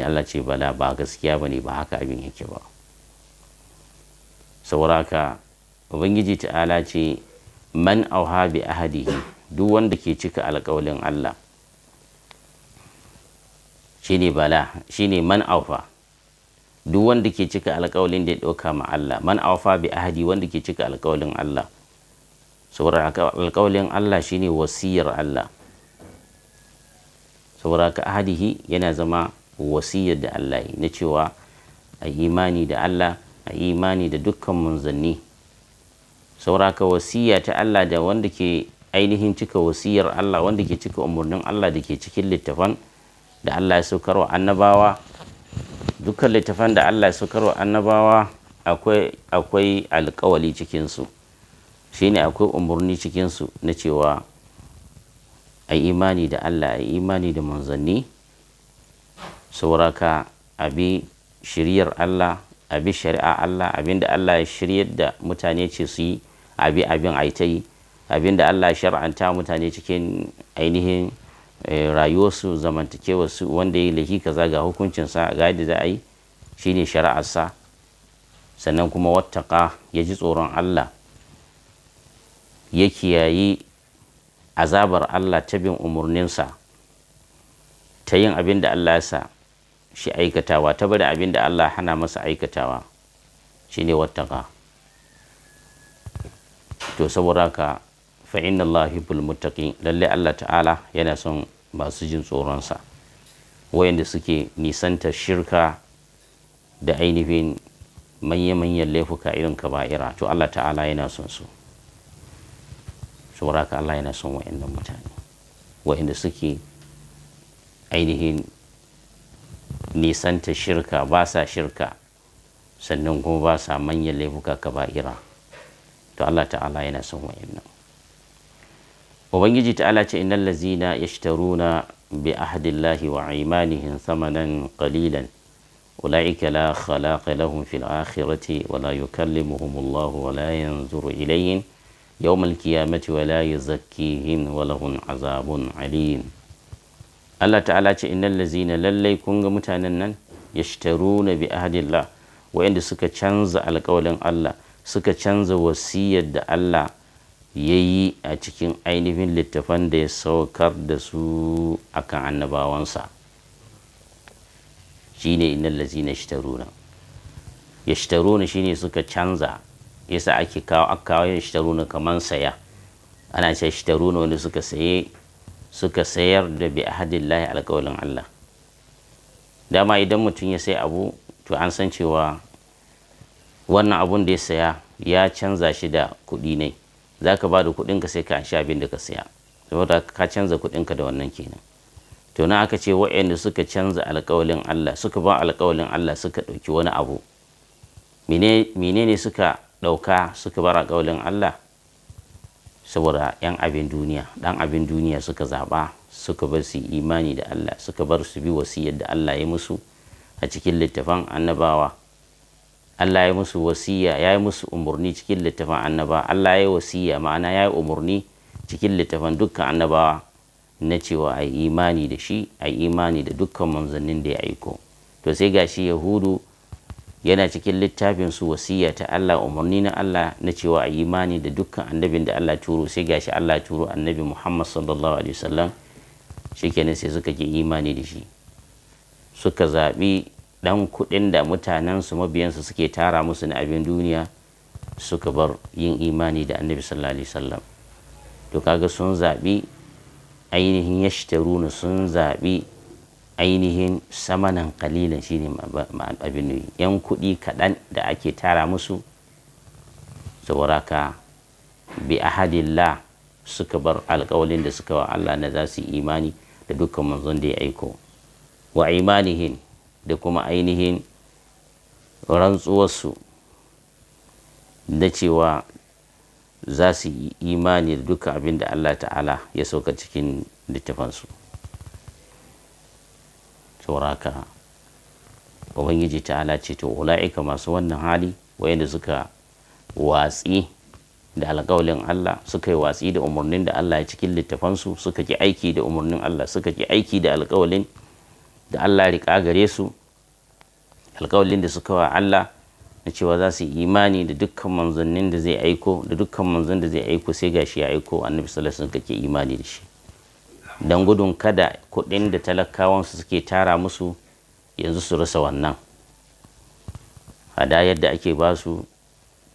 Allah ce bala ba gaskiya ba ne ba haka abin yake ba sauraka ubangiji ta'ala ce man auha bi ahadihi duk wanda ke cika alkawalin Allah shine bala shine man aufa duk wanda ke cika alkawalin da ya dauka ma Allah man aufa bi ahadi wanda ke cika alkawalin Allah saboda alkawalin Allah shine wasiyar Allah saboda ka ahadihi yana zama wasiyar da Allah na cewa a imani da Allah a imani da dukkan munzanni sauraka wasiya ta Allah da wanda ke ainihin cika wasiyar Allah wanda ke cika umarnin Allah da ke cikin littafan da Allah ya saukarwa annabawa dukkan littafan da Allah ya saukarwa annabawa akwai alkawali alƙawali cikinsu shine akwai umarni cikinsu na cewa a imani da Allah a imani da manzanni sauraka abi shiriyar Allah abi shari'a Allah abinda Allah ya shiryar da mutane ce su yi abi abin yi abinda Allah ya shar'anta mutane cikin ainihin eh, rayuwarsu zamantakewarsu wanda ya lahi kaza ga hukuncinsa ga yadda za a yi shine shari'arsa sannan kuma wattaka ya ji tsoron Allah ya kiyayi azabar Allah ta bin umarninsa ta yin abin da Allah ya sa shi aikatawa ta bari abin da Allah hana masa aikatawa shine wattaka to saboda ka fa’in inna Allah yuhibbul muttaqin lalle Allah ta'ala yana son masu jin tsoronsa wayanda suke nisanta shirka da ainihin manya-manyan laifuka irin kaba'ira to Allah ta'ala yana son su saboda ka Allah yana son wayannan mutane wayanda suke ainihin nisanta shirka ba sa shirka sannan kuma ba sa manyan laifuka ka ba'ira to Allah ta'ala yana son wa'annan ubangiji ta'ala ce innal lazina yashtaruna bi ahdillahi wa imanihim thamanan qalilan أولئك لا خلاق لهم في الآخرة ولا يكلمهم الله ولا ينظر إليهم يوم القيامة ولا يزكيهم ولهم عذاب عليم Allah ta'ala ce innal lazina lallai kun ga mutanen nan yashtaruna bi ahdillah wa'anda suka canza alƙawalin Allah suka canza wasiyar da Allah ya yi a cikin ainihin littafan da ya saukar da su akan annabawansa shine innal lazina yashtaruna yashtaruna shine suka canza yasa ake kawo aka kawo yashtaruna kaman saya ana ce yashtaruna wanda suka saye suka sayar da bi ahadillahi alƙawalin Allah dama idan mutum ya sai abu to an san cewa wannan abun da ya saya ya canza shi da kuɗi ne za ka ba da kuɗinka sai ka shi abin da ka saya saboda ka canza kuɗinka da wannan kenan to na aka ce wa'anda suka canza alƙawalin Allah suka ba alƙawalin Allah suka ɗauki wani abu menene suka ɗauka suka bar alƙawalin Allah saboda 'yan abin duniya dan abin duniya suka zaba suka bar su imani da Allah suka bar su bi wasiyar da Allah ya musu a cikin littafan annabawa Allah ya musu wasiya ya yi musu umarni cikin littafan annaba Allah ya yi wasiya ma'ana ya yi umarni cikin littafan dukkan annabawa na cewa a imani da shi a imani da dukkan manzannin da ya aiko to sai gashi yahudu yana cikin littafin su wasiya ta Allah umarni na Allah na cewa a imani da dukkan annabin da Allah turo sai gashi Allah turo annabi Muhammad sallallahu alaihi wasallam shikenan sai suka ji imani da shi suka zaɓi ɗan kuɗin da mutanen su mabiyansu suke tara musu na abin duniya suka bar yin imani da annabi sallallahu alaihi wasallam to kaga sun zaɓi ainihin yashtaruna sun zaɓi ainihin samanan kalilan shine abin yan kuɗi kaɗan da ake tara musu saboda ka bi ahadillah suka bar alkawalin da suka wa Allah na za su yi imani da dukkan manzon da ya aiko wa imanihin da kuma ainihin rantsuwarsu da cewa za su yi imani da duka abin da Allah ta'ala ya sauka cikin littafansu. sauraka ubangiji ala ce to ula'ika masu wannan hali wayanda suka watsi da alƙawalin Allah suka yi watsi da umarnin da Allah ya cikin littafansu suka ki aiki da umarnin Allah suka ki aiki da alƙawalin da Allah riƙa gare su alƙawalin da suka wa Allah na cewa za su imani da dukkan manzannin da zai aiko da dukkan manzan da zai aiko sai gashi ya aiko annabi sallallahu alaihi wasallam kake imani da shi don gudun kada kuɗin da talakawansu suke tara musu yanzu su rasa wannan hadayar da ake ba su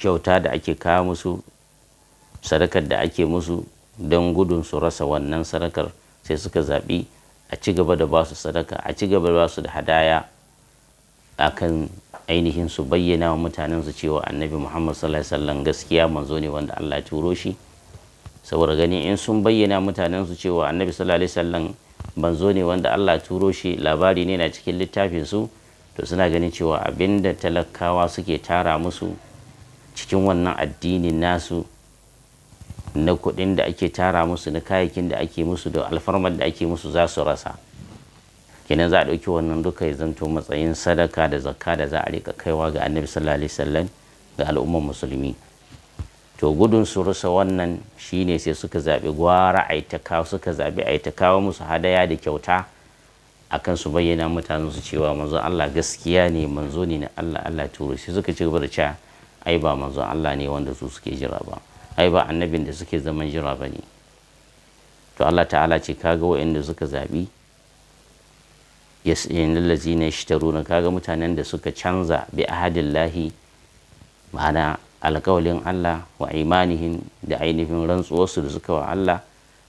kyauta da ake kawo musu sadakar da ake musu don gudun su rasa wannan sadakar sai suka zaɓi a ci gaba da ba su sadaka a ci gaba da ba su da hadaya akan ainihin su bayyana wa mutanen su cewa annabi muhammad sallallahu alaihi wasallam gaskiya manzo ne wanda allah ya turo shi saboda gani in sun bayyana mutanen su cewa annabi sallallahu alaihi wasallam banzo ne wanda Allah turo shi labari ne na cikin littafin su to suna ganin cewa abinda talakawa suke tara musu cikin wannan addinin nasu na kuɗin da ake tara musu na kayakin da ake musu da alfarmar da ake musu za su rasa kenan za a ɗauki wannan duka ya zanto matsayin sadaka da zakka da za a riƙa kaiwa ga annabi sallallahu alaihi wasallam ga al'ummar musulmi to gudun su rusa wannan shine sai suka zaɓi gwara a suka zaɓi a ta musu hadaya da kyauta akan su bayyana mutanen su cewa manzo Allah gaskiya ne manzo ne na Allah Allah turo sai suka ci gaba da cewa ai ba manzo Allah ne wanda su suke jira ba ai ba annabin da suke zaman jira ba ne to Allah ta'ala ce kaga waɗanda suka zaɓi yasinin lalazi na shi kaga mutanen da suka canza bi ahadillahi ma'ana alkawalin Allah wa imanihin da ainihin rantsuwarsu da suka wa Allah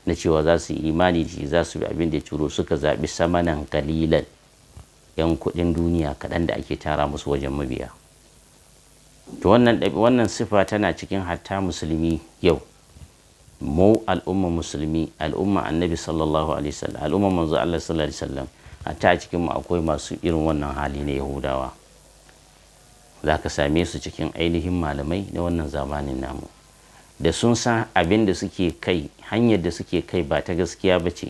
na cewa za su imani da shi za su bi abin da turo suka zaɓi samanan kalilan yan kuɗin duniya kaɗan da ake tara musu wajen mabiya to wannan wannan sifa tana cikin hatta musulmi yau mu al'umma musulmi al'umma annabi sallallahu alaihi wasallam al'umma manzo Allah sallallahu alaihi wasallam hatta cikin mu akwai masu irin wannan hali na yahudawa za ka same su cikin ainihin malamai na wannan zamanin namu da sun san abin da suke kai hanyar da suke kai ba ta gaskiya ba ce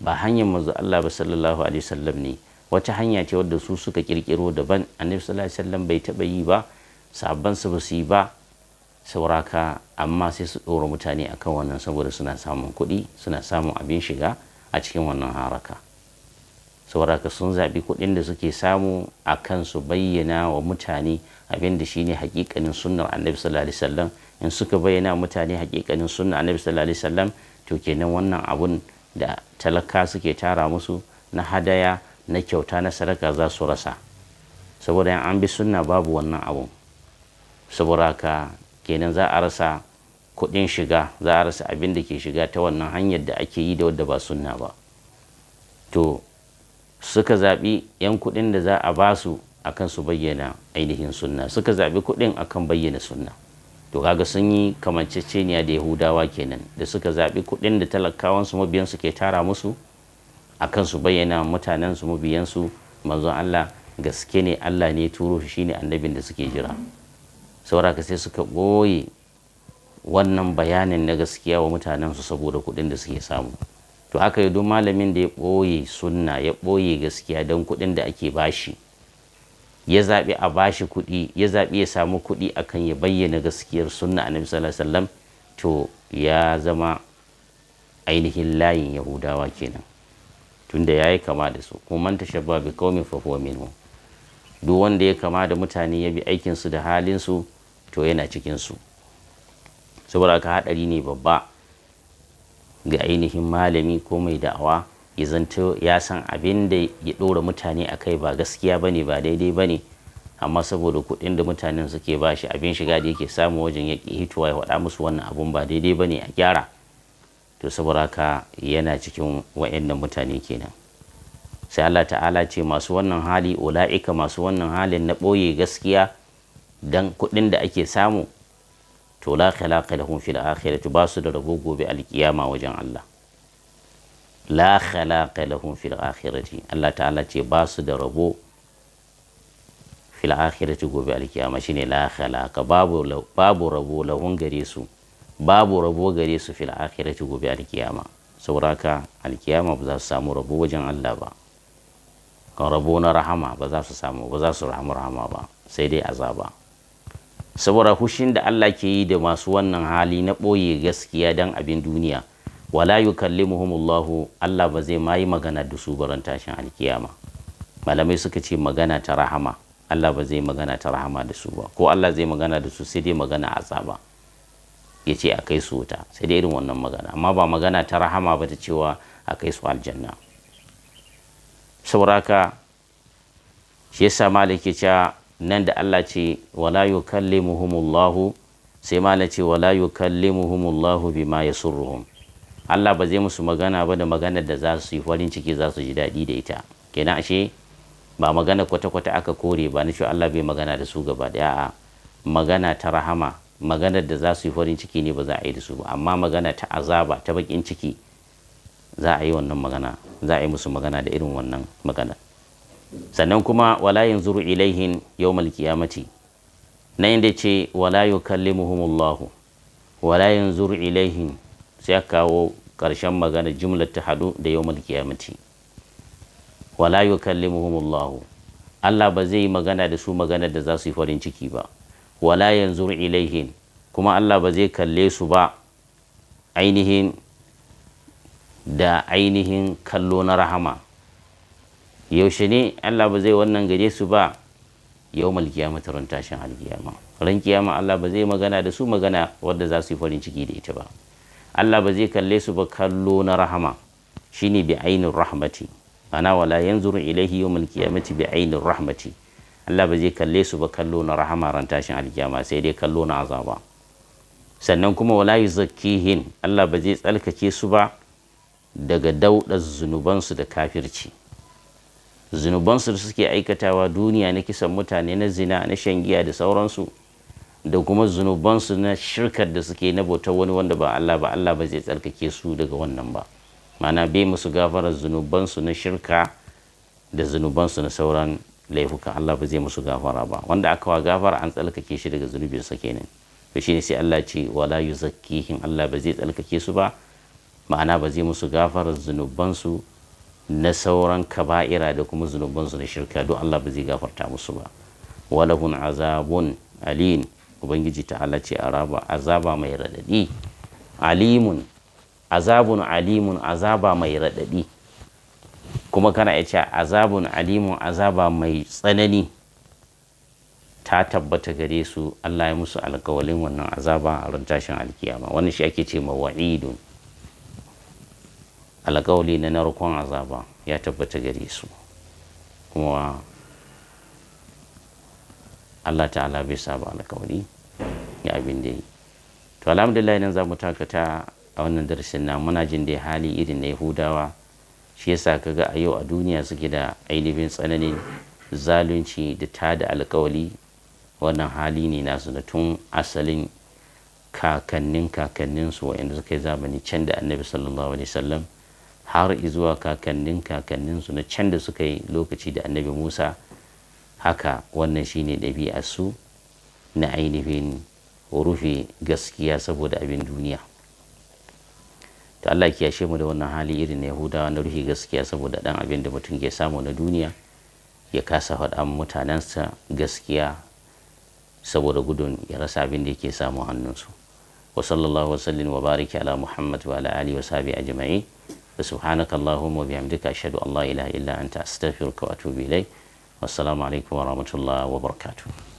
ba hanyar manzo Allah ba sallallahu alaihi wasallam ne wata hanya ce wadda su suka kirkiro daban annabi sallallahu alaihi wasallam bai taba yi ba sabban ba su yi ba sauraka amma sai su ɗora mutane akan wannan saboda suna samun kuɗi suna samun abin shiga a cikin wannan haraka saboda sun zaɓi kuɗin da suke samu a kan su bayyana wa mutane abin da shine hakikanin sunnar annabi sallallahu alaihi in suka bayyana mutane hakikanin sunnar annabi sallallahu alaihi to kenan wannan abun da talaka suke tara musu na hadaya na kyauta na sadaka za su rasa saboda yan an bi sunna babu wannan abun saboda ka kenan za a rasa kuɗin shiga za a rasa abin da ke shiga ta wannan hanyar da ake yi da wadda ba sunna ba to suka zaɓi 'yan kuɗin da za a ba su akan su bayyana ainihin sunna suka zaɓi kuɗin akan bayyana sunna to kaga sun yi kamanceceniya da yahudawa kenan da suka zaɓi kuɗin da talakawan su mabiyan su ke tara musu akan su bayyana mutanen su mabiyan su manzon Allah gaske ne Allah ne turo shi shine annabin da suke jira saura ka sai suka ɓoye wannan bayanin na gaskiya wa mutanen su saboda kuɗin da suke samu to haka ya duk malamin da ya ɓoye sunna ya ɓoye gaskiya don kuɗin da ake bashi ya zaɓi a bashi kuɗi ya zaɓi ya samu kuɗi a kan ya bayyana gaskiyar sunna a sallallahu alaihi to ya zama ainihin layin yahudawa kenan tunda yi kama da su kuma manta shabba bi qaumin fa huwa minhum duk wanda ya kama da mutane ya bi aikinsu da halinsu to yana cikinsu su saboda haka hadari ne babba ga ainihin malami ko mai da'awa ya zanto ya san abin da ya ɗora mutane a kai ba gaskiya ba ne ba daidai ba ne amma saboda kuɗin da mutanen suke ba shi abin shiga da yake samu wajen ya ƙi hituwa ya faɗa musu wannan abun ba daidai ba ne a gyara to saboda haka yana cikin wa'annan mutane kenan sai Allah ta'ala ce masu wannan hali ula'ika masu wannan halin na ɓoye gaskiya don kuɗin da ake samu to la khalaqa lahum fil akhirati ba su da rabo gobe alkiyama wajen Allah la khalaqa lahum fil akhirati Allah ta'ala ce ba su da rabo fil akhirati gobe alkiyama shine la khalaqa babu babu rabo lahum gare su babu rabo gare su fil akhirati gobe alkiyama sauraka alkiyama ba za su samu rabo wajen Allah ba kan rabo na rahama ba za su samu ba za su rahama rahama ba sai dai azaba saboda hushin da Allah ke yi da masu wannan hali na ɓoye gaskiya don abin duniya wala yukallimuhumullahu Allah ba zai ma magana da su baran tashin alkiyama malamai suka ce magana ta rahama Allah ba zai magana ta rahama da su ba ko Allah zai magana da su sai dai magana azaba ya ce a kai su wuta sai dai irin wannan magana amma ba magana ta rahama ba ta cewa a kai su aljanna sauraka shi yasa malaki cewa. nan da Allah ce wala yukallimuhumullahu sai mala ce wala yukallimuhumullahu bima yasurruhum Allah ba zai musu magana ba da maganar da za su yi farin ciki za su ji daɗi da ita kenan ashe ba magana kwata-kwata aka kore ba na Allah bai magana da su gaba da a magana ta rahama magana da za su yi farin ciki ne ba za a yi da su ba amma magana ta azaba ta bakin ciki za a yi wannan magana za a yi musu magana da irin wannan magana sannan kuma wala yanzuru ilaihin yawmal mati. Na inda ce wala yukallimuhumullahu wala yanzuru ilaihin sai kawo ƙarshen magana jumlar ta hadu da yawmal qiyamati wala yukallimuhumullahu Allah ba zai yi magana da su magana da za su yi farin ciki ba wala yanzuru ilaihin kuma Allah ba zai kalle su ba ainihin da ainihin kallo na rahama yaushe ne Allah ba zai wannan gare su ba yawmal ta ran tashin alkiyama ran kiyama Allah ba zai magana da su magana wadda za su yi farin ciki da ita ba Allah ba zai kalle su ba kallo na rahama shine bi ainir rahmati ana wala yanzuru ilaihi yawmal qiyamati bi ainir rahmati Allah ba zai kalle su ba kallo na rahama ran tashin alkiyama sai dai kallo na azaba sannan kuma wala yuzakkihin Allah ba zai tsalkake su ba daga daudar zunubansu da kafirci zunubansu da suke aikatawa duniya na kisan mutane na zina na shan giya da sauransu da kuma zunubansu na shirkar da suke na bautar wani wanda ba Allah ba Allah ba zai tsarkake su daga wannan ba mana bai musu gafara zunubansu na shirka da zunubansu na sauran laifuka Allah ba zai musu gafara ba wanda aka wa gafara an tsarkake shi daga sa kenan to shine sai Allah ce wala yuzakkihim Allah ba zai tsarkake su ba ma'ana ba zai musu gafara zunubansu na sauran kaba'ira da kuma zunubansu na shirka don Allah ba zai gafarta musu ba walahun azabun alin ubangiji ta ce araba azaba mai radadi alimun azabun alimun azaba mai radadi kuma kana ya ce azabun alimun azaba mai tsanani ta tabbata gare su Allah ya musu alkawalin wannan azaba a rantashin alkiyama wannan shi ake ce mawa'idun alƙawali na narkon azaba ya tabbata gare su kuma Allah ta'ala bai saba alƙawali ya abin da yi to alhamdulillah nan za mu takata a wannan darasin na muna jin dai hali irin na yahudawa shi yasa kaga a yau a duniya suke da ainihin tsananin zalunci da ta da alƙawali wannan hali ne nasu da tun asalin kakannin kakanninsu waɗanda suka yi zamani can da annabi sallallahu alaihi wasallam har zuwa kakannin su na can da suka yi lokaci da annabi musa haka wannan shine ɗabi'a su na ainihin rufe gaskiya saboda abin duniya to Allah ya kiyashe mu da wannan hali irin na Yahudawa na rufe gaskiya saboda dan abin da mutum ke samu na duniya ya kasa faɗa mutanensa gaskiya saboda gudun ya rasa abin da yake samu hannunsu wa sallallahu wa wa bariki ala muhammad wa ala alihi wa sahbihi ajma'in سبحانك اللهم وبحمدك أشهد أن لا إله إلا أنت أستغفرك وأتوب إليك والسلام عليكم ورحمة الله وبركاته